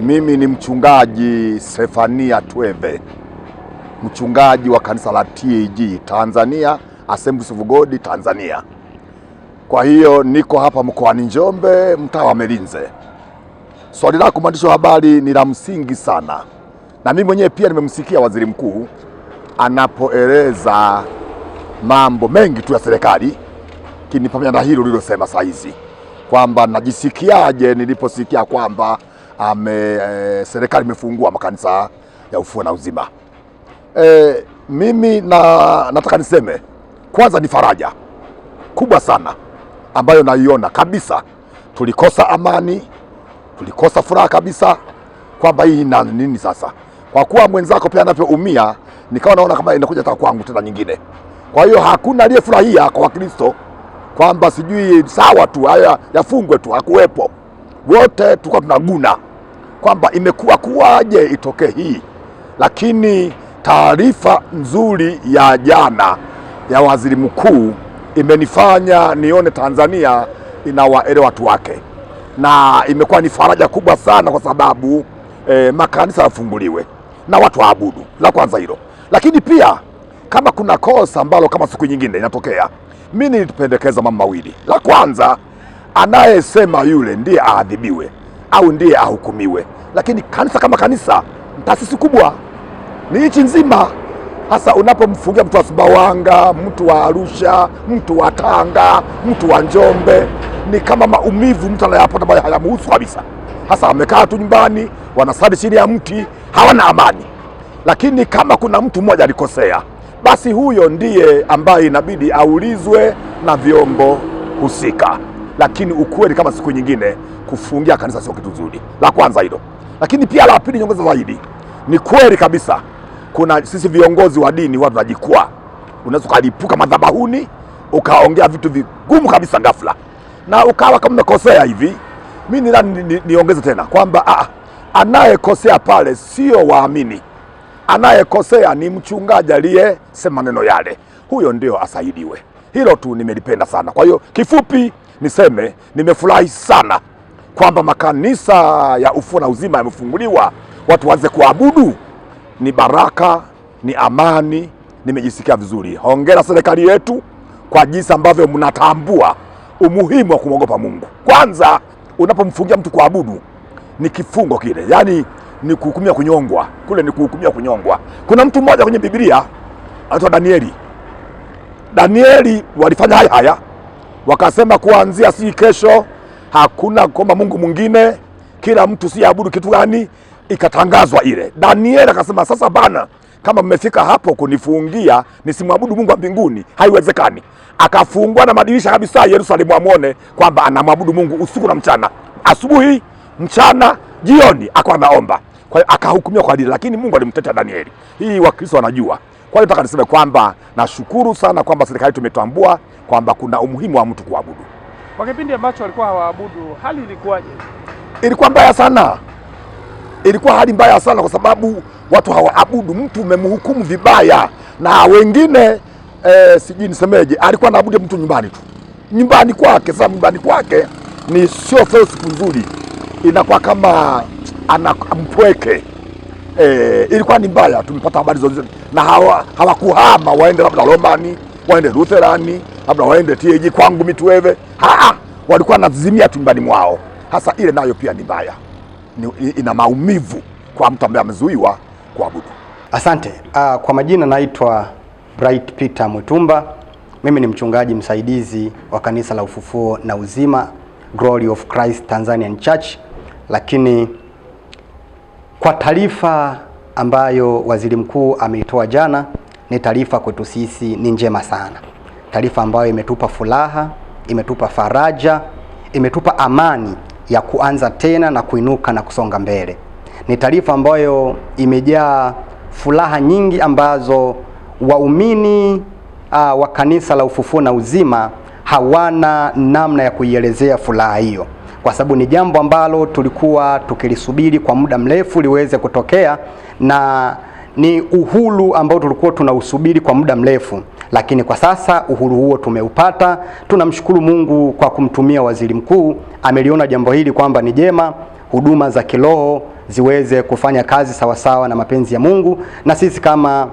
Mimi ni mchungaji Sefania Tweve, mchungaji wa kanisa la TAG Tanzania, Assemblies of God Tanzania. Kwa hiyo niko hapa mkoani Njombe, mtaa wa Melinze. Swali lako mwandishi wa habari ni la msingi sana, na mimi mwenyewe pia nimemsikia waziri mkuu anapoeleza mambo mengi tu ya serikali, kini pamoja na hilo ulilosema saa hizi kwamba najisikiaje niliposikia kwamba ame, e, serikali imefungua makanisa ya ufufuo na uzima. E, mimi na, nataka niseme kwanza ni faraja kubwa sana ambayo naiona kabisa. Tulikosa amani, tulikosa furaha kabisa kwamba hii na nini sasa, kwa kuwa mwenzako pia anavyoumia, nikawa naona kama inakuja taka kwangu tena nyingine. Kwa hiyo hakuna aliyefurahia kwa Wakristo kwamba sijui sawa tu haya yafungwe tu, hakuwepo. Wote tulikuwa tunaguna kwamba imekuwa kuwaje itokee hii, lakini taarifa nzuri ya jana ya waziri mkuu imenifanya nione Tanzania inawaelewa watu wake, na imekuwa ni faraja kubwa sana kwa sababu eh, makanisa yafunguliwe na watu waabudu, la kwanza hilo. Lakini pia kama kuna kosa ambalo kama siku nyingine inatokea, mimi nilipendekeza mambo mawili. La kwanza, anayesema yule ndiye aadhibiwe au ndiye ahukumiwe. Lakini kanisa kama kanisa, taasisi kubwa ni nchi nzima. Hasa unapomfungia mtu wa Sumbawanga, mtu wa Arusha, mtu wa Tanga, mtu wa Njombe, ni kama maumivu mtu anayapata ambayo hayamuhusu kabisa. Hasa wamekaa tu nyumbani, wanasali chini ya mti, hawana amani. Lakini kama kuna mtu mmoja alikosea, basi huyo ndiye ambaye inabidi aulizwe na vyombo husika lakini ukweli kama siku nyingine, kufungia kanisa sio kitu nzuri, la kwanza hilo. Lakini pia la pili, nyongeza zaidi, ni kweli kabisa, kuna sisi viongozi wa dini watu tunajikwaa. Unaweza ukalipuka madhabahuni ukaongea vitu vigumu kabisa ghafla, na ukawa kama umekosea hivi. Mimi ni niongeze tena kwamba ah, anayekosea pale sio waamini, anayekosea ni mchungaji aliyesema neno yale, huyo ndio asaidiwe. Hilo tu nimelipenda sana. Kwa hiyo kifupi niseme nimefurahi sana kwamba makanisa ya Ufufuo na Uzima yamefunguliwa, watu waanze kuabudu. Ni baraka, ni amani, nimejisikia vizuri. Hongera serikali yetu kwa jinsi ambavyo mnatambua umuhimu wa kumwogopa Mungu. Kwanza, unapomfungia mtu kuabudu ni kifungo kile, yaani ni kuhukumia kunyongwa, kule ni kuhukumia kunyongwa. Kuna mtu mmoja kwenye Biblia anaitwa Danieli. Danieli walifanya haya haya wakasema kuanzia si kesho hakuna kuomba Mungu mwingine, kila mtu si abudu kitu gani, ikatangazwa ile. Danieli akasema sasa bana, kama mmefika hapo kunifungia nisimwabudu Mungu wa mbinguni, haiwezekani. Akafungua na madirisha kabisa Yerusalemu, amwone kwamba anamwabudu Mungu usiku na mchana, asubuhi, mchana, jioni, akawa anaomba. Kwa hiyo akahukumiwa kwa dili, lakini Mungu alimtetea Danieli. Hii Wakristo wanajua. Kwa hiyo nataka niseme kwamba nashukuru sana kwamba serikali tumetambua kwamba kuna umuhimu wa mtu kuabudu. Kwa kipindi ambacho walikuwa hawaabudu, hali ilikuwaje? Ilikuwa mbaya sana, ilikuwa hali mbaya sana kwa sababu watu hawaabudu, mtu umemhukumu vibaya. Na wengine eh, sijui nisemeje, alikuwa anaabudu mtu nyumbani tu, nyumbani kwake. Sasa nyumbani kwake ni sio sio siku nzuri, inakuwa kama anampweke. mpweke. Eh, ilikuwa ni mbaya, tumepata habari zote na hawakuhama waende labda Romani waende Lutherani labda waende TAG kwangu Mituweve, walikuwa nazimia tumbani mwao. Hasa ile nayo pia ni mbaya, ina maumivu kwa mtu ambaye amezuiwa kuabudu. Asante. Uh, kwa majina naitwa Bright Peter Mwitumba. Mimi ni mchungaji msaidizi wa kanisa la Ufufuo na Uzima Glory of Christ Tanzanian Church, lakini kwa taarifa ambayo waziri mkuu ameitoa jana ni taarifa kwetu sisi ni njema sana, taarifa ambayo imetupa furaha, imetupa faraja, imetupa amani ya kuanza tena na kuinuka na kusonga mbele. Ni taarifa ambayo imejaa furaha nyingi ambazo waumini uh, wa kanisa la ufufuo na uzima hawana namna ya kuielezea furaha hiyo kwa sababu ni jambo ambalo tulikuwa tukilisubiri kwa muda mrefu liweze kutokea na ni uhuru ambao tulikuwa tunausubiri kwa muda mrefu, lakini kwa sasa uhuru huo tumeupata. Tunamshukuru Mungu kwa kumtumia waziri mkuu, ameliona jambo hili kwamba ni jema huduma za kiroho ziweze kufanya kazi sawasawa na mapenzi ya Mungu, na sisi kama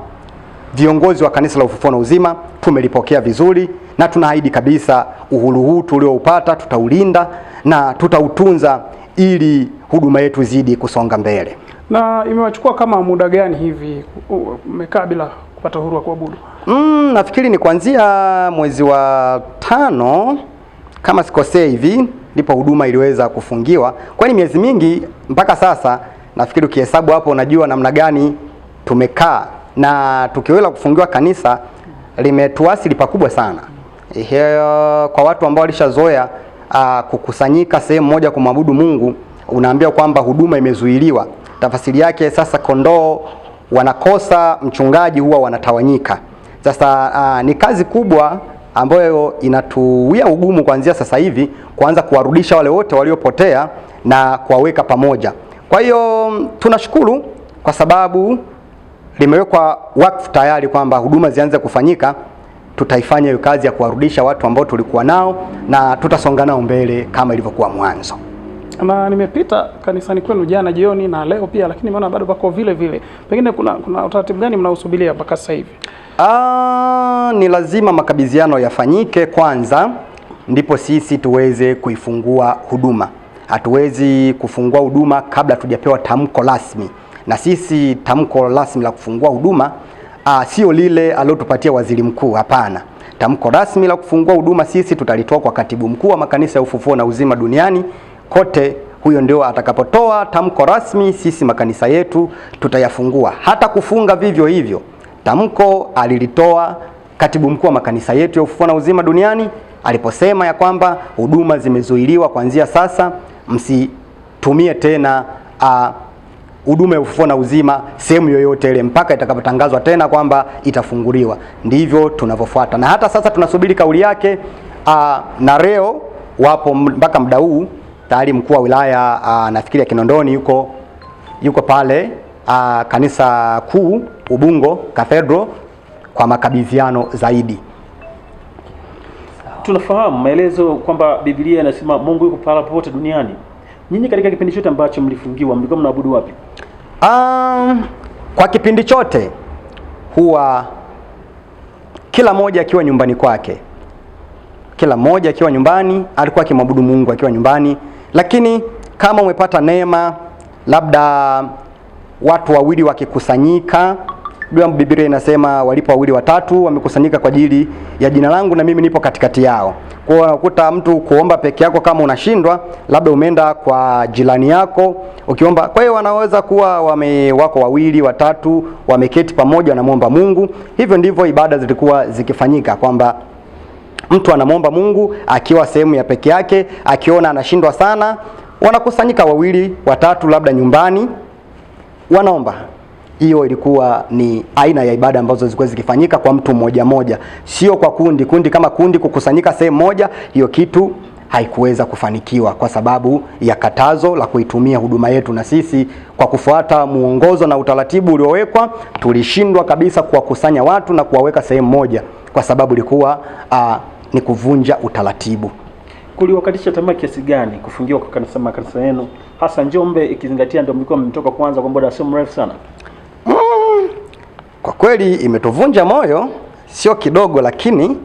viongozi wa Kanisa la Ufufuo na Uzima tumelipokea vizuri na tunaahidi kabisa uhuru huu tulioupata tutaulinda na tutautunza ili huduma yetu zidi kusonga mbele. Na imewachukua kama muda gani hivi umekaa bila kupata uhuru wa kuabudu? Mm, nafikiri ni kuanzia mwezi wa tano kama sikosea hivi ndipo huduma iliweza kufungiwa, kwani miezi mingi mpaka sasa nafikiri ukihesabu hapo unajua namna gani tumekaa na tukiwela kufungiwa kanisa limetuasili pakubwa sana. Ehe, kwa watu ambao walishazoea uh, kukusanyika sehemu moja kumwabudu Mungu, unaambiwa kwamba huduma imezuiliwa. Tafasiri yake sasa, kondoo wanakosa mchungaji, huwa wanatawanyika. Sasa uh, ni kazi kubwa ambayo inatuwia ugumu kuanzia sasa hivi kuanza kuwarudisha wale wote waliopotea na kuwaweka pamoja. Kwa hiyo tunashukuru kwa sababu limewekwa wakfu tayari kwamba huduma zianze kufanyika tutaifanya hiyo kazi ya kuwarudisha watu ambao tulikuwa nao na tutasonga nao mbele kama ilivyokuwa mwanzo. Na nimepita kanisani kwenu jana jioni na leo pia, lakini nimeona bado pako vile vile. Pengine kuna, kuna utaratibu gani mnausubiria mpaka sasa hivi? Ah, ni lazima makabidhiano yafanyike kwanza ndipo sisi tuweze kuifungua huduma. Hatuwezi kufungua huduma kabla tujapewa tamko rasmi, na sisi tamko rasmi la kufungua huduma a, ah, sio lile aliotupatia waziri mkuu, hapana. Tamko rasmi la kufungua huduma sisi tutalitoa kwa katibu mkuu wa makanisa ya Ufufuo na Uzima duniani kote. Huyo ndio atakapotoa tamko rasmi, sisi makanisa yetu tutayafungua. Hata kufunga vivyo hivyo, tamko alilitoa katibu mkuu wa makanisa yetu ya Ufufuo na Uzima duniani aliposema ya kwamba huduma zimezuiliwa kuanzia sasa, msitumie tena a, ah, huduma ya ufufuo na uzima sehemu yoyote ile mpaka itakapotangazwa tena kwamba itafunguliwa. Ndivyo tunavyofuata, na hata sasa tunasubiri kauli yake aa, ah, na leo wapo mpaka muda huu tayari mkuu wa wilaya ah, nafikiria Kinondoni yuko, yuko pale aa, ah, kanisa kuu Ubungo Cathedral kwa makabidhiano zaidi. Tunafahamu maelezo kwamba Biblia inasema Mungu yuko pahala popote duniani. Nyinyi katika kipindi chote ambacho mlifungiwa mlikuwa mnaabudu wapi? Um, kwa kipindi chote huwa kila mmoja akiwa nyumbani kwake, kila mmoja akiwa nyumbani alikuwa akimwabudu Mungu akiwa nyumbani, lakini kama umepata neema labda watu wawili wakikusanyika Biblia inasema walipo wawili watatu wamekusanyika kwa ajili ya jina langu na mimi nipo katikati yao. Kwa hiyo unakuta mtu kuomba peke yako kama unashindwa, labda umeenda kwa jirani yako ukiomba. Kwa hiyo wanaweza kuwa wame wako wawili watatu wameketi pamoja wanamwomba Mungu. Hivyo ndivyo ibada zilikuwa zikifanyika kwamba mtu anamwomba Mungu akiwa sehemu ya peke yake, akiona anashindwa sana, wanakusanyika wawili watatu, labda nyumbani, wanaomba hiyo ilikuwa ni aina ya ibada ambazo zilikuwa zikifanyika kwa mtu mmoja moja sio kwa kundi kundi. Kama kundi kukusanyika sehemu moja, hiyo kitu haikuweza kufanikiwa kwa sababu ya katazo la kuitumia huduma yetu, na sisi kwa kufuata mwongozo na utaratibu uliowekwa tulishindwa kabisa kuwakusanya watu na kuwaweka sehemu moja, kwa sababu ilikuwa uh, ni kuvunja utaratibu. Kuliwakatisha tamaa kiasi gani kufungiwa kwa kanisa makanisa yenu hasa Njombe, ikizingatia ndio mlikuwa mmetoka kwanza kwa muda sio mrefu sana? kwa kweli imetuvunja moyo sio kidogo, lakini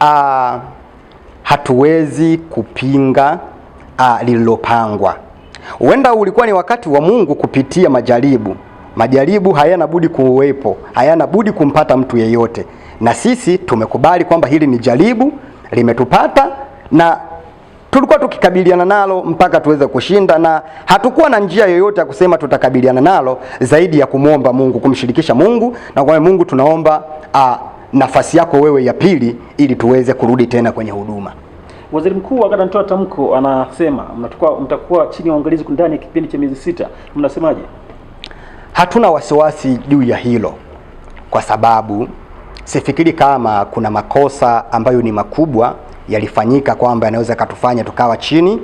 a, hatuwezi kupinga lililopangwa. Huenda ulikuwa ni wakati wa Mungu kupitia majaribu. Majaribu hayana budi kuwepo, hayana budi kumpata mtu yeyote, na sisi tumekubali kwamba hili ni jaribu limetupata na tulikuwa tukikabiliana nalo mpaka tuweze kushinda, na hatukuwa na njia yoyote ya kusema tutakabiliana nalo zaidi ya kumwomba Mungu, kumshirikisha Mungu na kwa Mungu tunaomba a, nafasi yako wewe ya pili ili tuweze kurudi tena kwenye huduma. Waziri Mkuu wakati anatoa tamko anasema mtakuwa, mtakuwa chini ya uangalizi ndani ya kipindi cha miezi sita. Mnasemaje? Hatuna wasiwasi juu ya hilo kwa sababu sifikiri kama kuna makosa ambayo ni makubwa yalifanyika kwamba yanaweza katufanya tukawa chini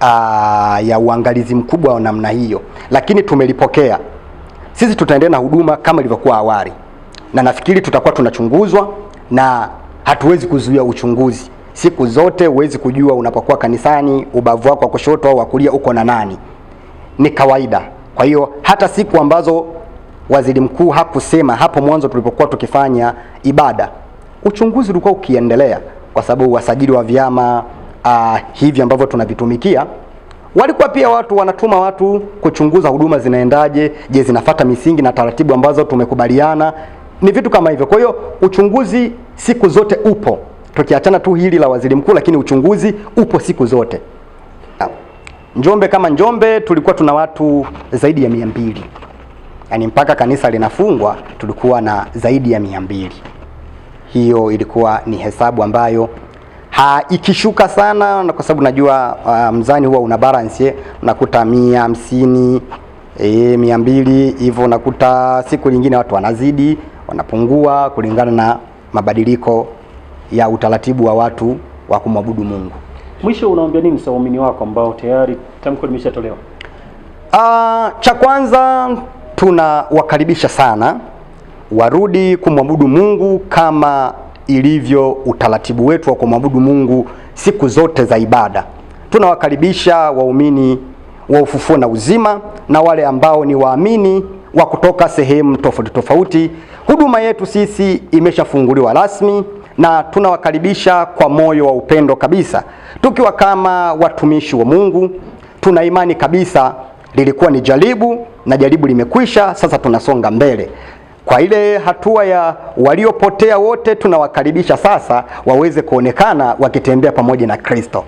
aa, ya uangalizi mkubwa wa namna hiyo, lakini tumelipokea sisi. Tutaendelea na huduma kama ilivyokuwa awali, na nafikiri tutakuwa tunachunguzwa na hatuwezi kuzuia uchunguzi siku zote. Huwezi kujua unapokuwa kanisani ubavu wako wa kushoto au wa kulia uko na nani, ni kawaida. Kwa hiyo hata siku ambazo waziri mkuu hakusema hapo mwanzo tulipokuwa tukifanya ibada, uchunguzi ulikuwa ukiendelea kwa sababu wasajili wa vyama uh, hivi ambavyo tunavitumikia walikuwa pia watu wanatuma watu kuchunguza huduma zinaendaje, je, zinafata misingi na taratibu ambazo tumekubaliana, ni vitu kama hivyo. Kwa hiyo uchunguzi siku zote upo, tukiachana tu hili la waziri mkuu, lakini uchunguzi upo siku zote. Ah, Njombe kama Njombe tulikuwa tuna watu zaidi ya mia mbili, yaani mpaka kanisa linafungwa tulikuwa na zaidi ya mia mbili hiyo ilikuwa ni hesabu ambayo ha, ikishuka sana na kwa sababu najua uh, mzani huwa una balance ye, eh, nakuta mia hamsini e, mia mbili hivyo, nakuta siku nyingine watu wanazidi wanapungua kulingana na mabadiliko ya utaratibu wa watu wa kumwabudu Mungu. Mwisho unaambia nini sa waumini wako ambao tayari tamko limeshatolewa? Uh, cha kwanza tunawakaribisha sana warudi kumwabudu Mungu kama ilivyo utaratibu wetu wa kumwabudu Mungu siku zote za ibada. Tunawakaribisha waumini wa Ufufuo na Uzima na wale ambao ni waamini wa kutoka sehemu tofauti tofauti. Huduma yetu sisi imeshafunguliwa rasmi na tunawakaribisha kwa moyo wa upendo kabisa, tukiwa kama watumishi wa Mungu. Tuna imani kabisa lilikuwa ni jaribu na jaribu limekwisha, sasa tunasonga mbele. Kwa ile hatua ya waliopotea wote tunawakaribisha sasa waweze kuonekana wakitembea pamoja na Kristo.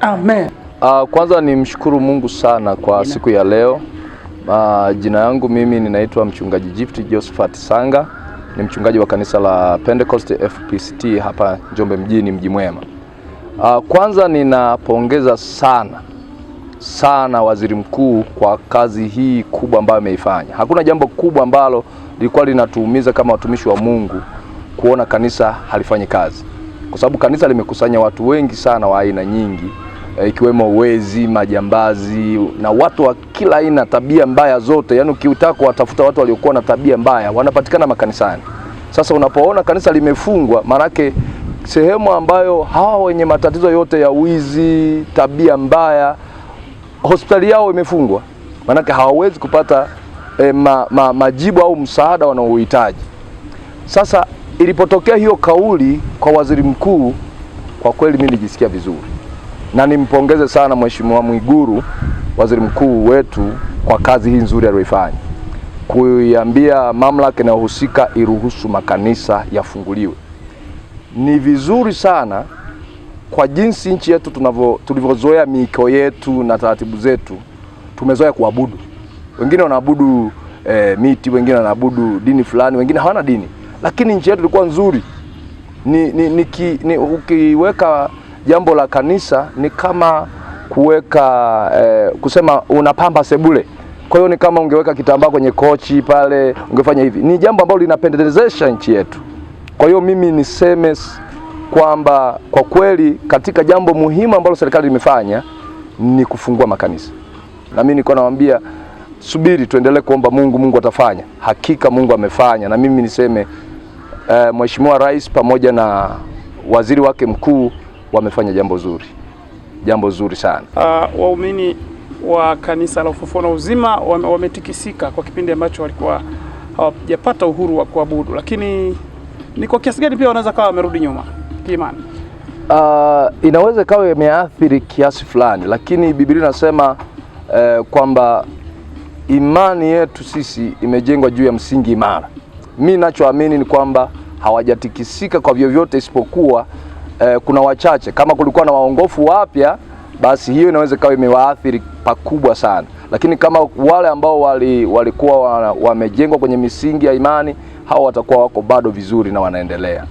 Amen. Uh, kwanza nimshukuru Mungu sana kwa Amen. siku ya leo. Uh, jina yangu mimi ninaitwa mchungaji Gift Josephat Sanga. Ni mchungaji wa kanisa la Pentecost FPCT hapa Njombe mjini, mji mwema. Uh, kwanza ninapongeza sana sana waziri mkuu kwa kazi hii kubwa ambayo ameifanya. Hakuna jambo kubwa ambalo lilikuwa linatuumiza kama watumishi wa Mungu kuona kanisa halifanyi kazi, kwa sababu kanisa limekusanya watu wengi sana wa aina nyingi e, ikiwemo wezi, majambazi na watu wa kila aina, tabia mbaya zote. Yaani ukiutaka kuwatafuta watu waliokuwa na tabia mbaya wanapatikana makanisani. Sasa unapoona kanisa limefungwa, maanake sehemu ambayo hawa wenye matatizo yote ya wizi, tabia mbaya, hospitali yao imefungwa, maanake hawawezi kupata e, ma, ma, majibu au msaada wanaohitaji. Sasa ilipotokea hiyo kauli kwa waziri mkuu, kwa kweli mimi nilijisikia vizuri na nimpongeze sana Mheshimiwa Mwiguru waziri mkuu wetu kwa kazi hii nzuri aliyoifanya kuiambia mamlaka inayohusika iruhusu makanisa yafunguliwe. Ni vizuri sana kwa jinsi nchi yetu tunavyo tulivyozoea miiko yetu na taratibu zetu, tumezoea kuabudu wengine wanaabudu e, miti, wengine wanaabudu dini fulani, wengine hawana dini, lakini nchi yetu ilikuwa nzuri. Ni, ni, ni, ki, ni ukiweka jambo la kanisa ni kama kuweka e, kusema unapamba sebule. Kwa hiyo ni kama ungeweka kitambaa kwenye kochi pale, ungefanya hivi. Ni jambo ambalo linapendezesha nchi yetu. Kwa hiyo mimi niseme kwamba kwa kweli katika jambo muhimu ambalo serikali imefanya ni kufungua makanisa, na mimi niko nawaambia subiri tuendelee kuomba Mungu, Mungu atafanya. Hakika Mungu amefanya, na mimi niseme eh, Mheshimiwa Rais pamoja na waziri wake mkuu wamefanya jambo zuri, jambo zuri sana. Uh, waumini wa kanisa la Ufufuo na Uzima wametikisika kwa kipindi ambacho walikuwa hawajapata uhuru wa kuabudu, lakini ni kwa kiasi gani pia wanaweza kawa wamerudi nyuma kiimani? Uh, inaweza ikawa imeathiri kiasi fulani, lakini Biblia inasema eh, kwamba imani yetu sisi imejengwa juu ya msingi imara. Mi nachoamini ni kwamba hawajatikisika kwa vyovyote isipokuwa eh, kuna wachache. Kama kulikuwa na waongofu wapya, basi hiyo inaweza ikawa imewaathiri pakubwa sana, lakini kama wale ambao wali, walikuwa wamejengwa kwenye misingi ya imani, hao watakuwa wako bado vizuri na wanaendelea.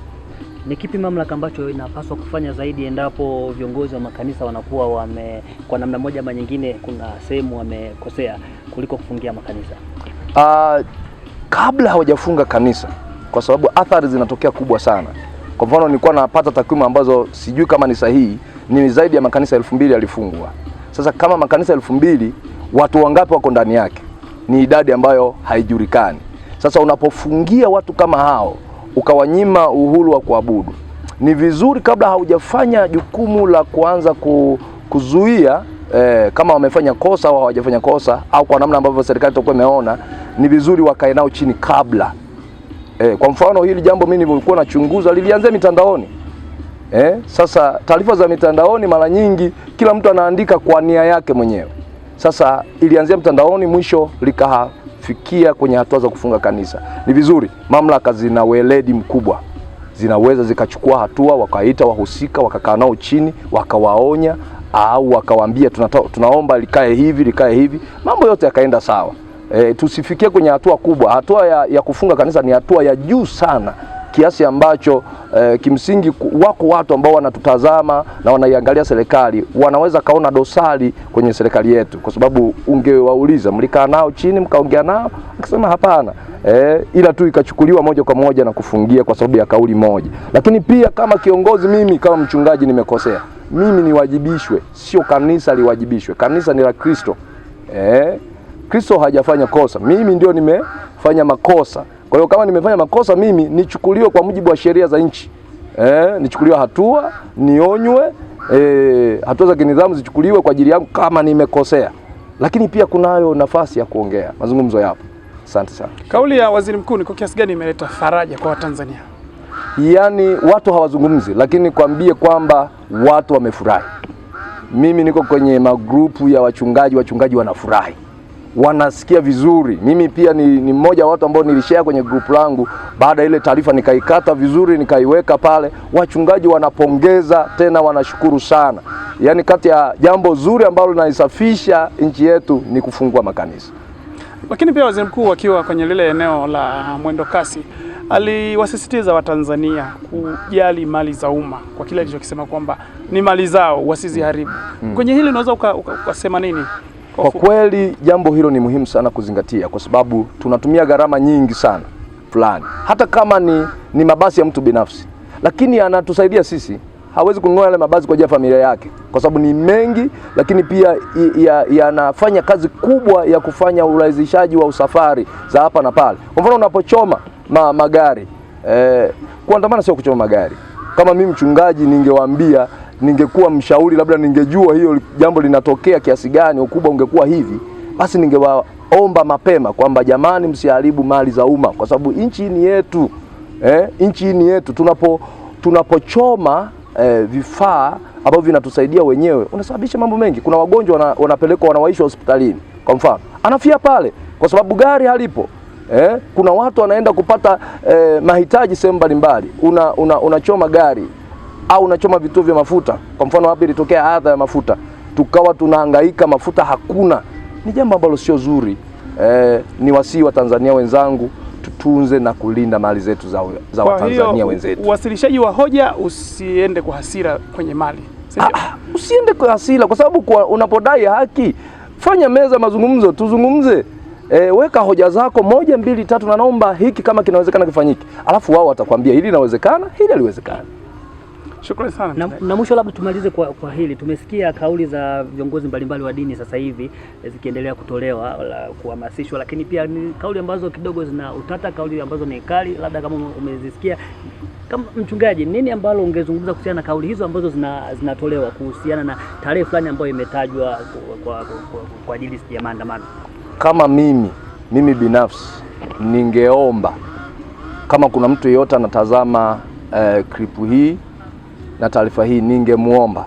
Ni kipi mamlaka ambacho inapaswa kufanya zaidi endapo viongozi wa makanisa wanakuwa wame, kwa namna moja ama nyingine, kuna sehemu wamekosea kuliko kufungia makanisa? Uh, kabla hawajafunga kanisa, kwa sababu athari zinatokea kubwa sana. Kwa mfano, nilikuwa napata takwimu ambazo sijui kama ni sahihi, ni zaidi ya makanisa elfu mbili yalifungwa. Sasa kama makanisa elfu mbili watu wangapi wako ndani yake? Ni idadi ambayo haijulikani. Sasa unapofungia watu kama hao ukawanyima uhuru wa kuabudu. Ni vizuri kabla haujafanya jukumu la kuanza kuzuia eh, kama wamefanya kosa au hawajafanya kosa au kwa namna ambavyo serikali itakuwa imeona ni vizuri wakae nao chini kabla. Eh, kwa mfano hili jambo mimi nilikuwa nachunguza lilianzia mitandaoni. Eh, sasa taarifa za mitandaoni mara nyingi kila mtu anaandika kwa nia yake mwenyewe. Sasa ilianzia mtandaoni, mwisho likaha kufikia kwenye hatua za kufunga kanisa. Ni vizuri mamlaka zina weledi mkubwa, zinaweza zikachukua hatua, wakaita wahusika, wakakaa nao chini, wakawaonya au wakawaambia tunaomba likae hivi likae hivi, mambo yote yakaenda sawa. E, tusifikie kwenye hatua kubwa. Hatua ya, ya kufunga kanisa ni hatua ya juu sana kiasi ambacho eh, kimsingi wako watu ambao wanatutazama na wanaiangalia serikali wanaweza kaona dosari kwenye serikali yetu, kwa sababu ungewauliza mlikaa nao chini mkaongea nao, akisema hapana eh, ila tu ikachukuliwa moja kwa moja na kufungia kwa sababu ya kauli moja. Lakini pia kama kiongozi, mimi kama mchungaji nimekosea, mimi niwajibishwe, sio kanisa liwajibishwe. Kanisa ni la Kristo eh, Kristo hajafanya kosa, mimi ndio nimefanya makosa. Kwa hiyo kama nimefanya makosa mimi nichukuliwe kwa mujibu wa sheria za nchi eh, nichukuliwe hatua, nionywe eh, hatua za kinidhamu zichukuliwe kwa ajili yangu kama nimekosea, lakini pia kunayo nafasi ya kuongea, mazungumzo yapo. Asante sana. Kauli ya waziri mkuu ni kwa kiasi gani imeleta faraja kwa Watanzania? Yaani watu hawazungumzi, lakini kwambie kwamba watu wamefurahi. Mimi niko kwenye magrupu ya wachungaji, wachungaji wanafurahi wanasikia vizuri. Mimi pia ni mmoja wa watu ambao nilishare kwenye group langu, baada ya ile taarifa nikaikata vizuri, nikaiweka pale. Wachungaji wanapongeza tena, wanashukuru sana. Yaani, kati ya jambo zuri ambalo linaisafisha nchi yetu ni kufungua makanisa. Lakini pia waziri mkuu akiwa kwenye lile eneo la mwendo kasi aliwasisitiza Watanzania kujali mali za umma kwa kile alichokisema kwamba ni mali zao wasiziharibu. Mm. Kwenye hili unaweza ukasema nini? Kwa kweli jambo hilo ni muhimu sana kuzingatia, kwa sababu tunatumia gharama nyingi sana fulani, hata kama ni, ni mabasi ya mtu binafsi, lakini anatusaidia sisi. Hawezi kununua yale mabasi kwa ajili ya familia yake, kwa sababu ni mengi, lakini pia yanafanya ya kazi kubwa ya kufanya urahisishaji wa usafari za hapa na pale. Kwa mfano unapochoma ma, magari eh, kuandamana sio kuchoma magari kama mimi mchungaji, ningewaambia ningekuwa mshauri, labda ningejua hiyo jambo linatokea kiasi gani, ukubwa ungekuwa hivi, basi ningewaomba mapema kwamba jamani, msiharibu mali za umma, kwa sababu nchi ni yetu eh, nchi ni yetu. Tunapo tunapochoma eh, vifaa ambavyo vinatusaidia wenyewe, unasababisha mambo mengi. Kuna wagonjwa wanapelekwa wanawaishwa hospitalini, kwa mfano anafia pale kwa sababu gari halipo eh? Kuna watu wanaenda kupata eh, mahitaji sehemu mbalimbali, unachoma una, una gari au unachoma vituo vya mafuta. Kwa mfano hapa ilitokea adha ya mafuta, tukawa tunahangaika, mafuta hakuna. Ni jambo ambalo sio zuri eh, ni wasii wa Tanzania wenzangu tutunze na kulinda mali zetu za, za Watanzania wenzetu. Uwasilishaji wa hoja usiende kwa hasira kwenye mali ah, ah, usiende kwa hasira, kwa sababu unapodai haki fanya meza mazungumzo, tuzungumze e, weka hoja zako moja mbili tatu, na naomba hiki kama kinawezekana kifanyike, alafu wao watakwambia hili linawezekana, hili haliwezekani. Shukrani sana. Na, na mwisho labda tumalize kwa, kwa hili. Tumesikia kauli za viongozi mbalimbali wa dini sasa hivi e, zikiendelea kutolewa kuhamasishwa, lakini pia ni kauli ambazo kidogo zina utata, kauli ambazo ni kali, labda kama umezisikia kama mchungaji, nini ambalo ungezungumza kuhusiana na kauli hizo ambazo zina, zinatolewa kuhusiana na tarehe fulani ambayo imetajwa kwa ajili ya maandamano? kama mimi mimi binafsi ningeomba kama kuna mtu yeyote anatazama eh, klipu hii na taarifa hii, ningemwomba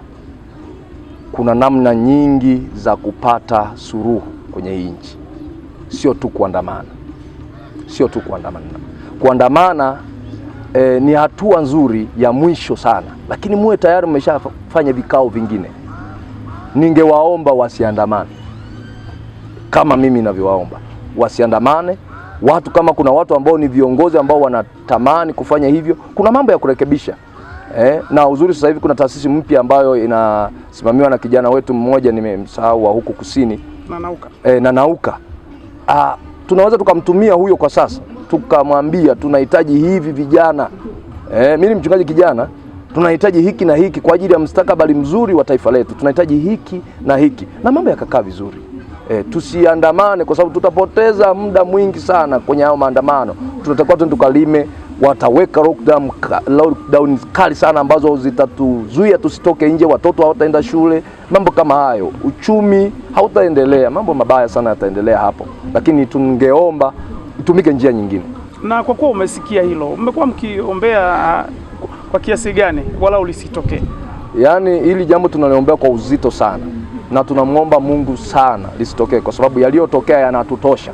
kuna namna nyingi za kupata suruhu kwenye hii nchi, sio tu kuandamana, sio tu kuandamana. Kuandamana eh, ni hatua nzuri ya mwisho sana, lakini muwe tayari mmeshafanya vikao vingine. Ningewaomba wasiandamane kama mimi ninavyowaomba wasiandamane watu. Kama kuna watu ambao ni viongozi ambao wanatamani kufanya hivyo, kuna mambo ya kurekebisha eh. Na uzuri sasa hivi kuna taasisi mpya ambayo inasimamiwa na kijana wetu mmoja, nimemsahau wa huku kusini Nanauka, eh, Nanauka. Ah, tunaweza tukamtumia huyo kwa sasa tukamwambia tunahitaji hivi vijana eh, mimi ni mchungaji kijana, tunahitaji hiki na hiki kwa ajili ya mstakabali mzuri wa taifa letu, tunahitaji hiki na hiki, na mambo yakakaa vizuri. E, tusiandamane kwa sababu tutapoteza muda mwingi sana kwenye hayo maandamano. Tunatakiwa tu tukalime, wataweka lockdown, lockdown kali sana ambazo zitatuzuia tusitoke nje, watoto hawataenda shule, mambo kama hayo, uchumi hautaendelea, mambo mabaya sana yataendelea hapo, lakini tungeomba itumike njia nyingine. Na kwa kuwa umesikia hilo, mmekuwa mkiombea kwa kiasi gani wala ulisitokee? Yaani hili jambo tunaliombea kwa uzito sana na tunamwomba Mungu sana lisitokee, kwa sababu yaliyotokea yanatutosha,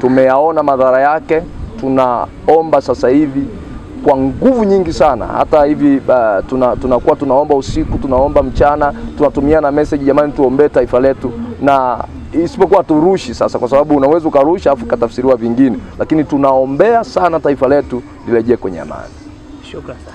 tumeyaona madhara yake. Tunaomba sasa hivi kwa nguvu nyingi sana, hata hivi uh, tunakuwa tuna tunaomba usiku, tunaomba mchana, tunatumia na message, jamani, tuombee taifa letu na isipokuwa turushi sasa, kwa sababu unaweza ukarusha afu katafsiriwa vingine, lakini tunaombea sana taifa letu lirejee kwenye amani. Shukrani.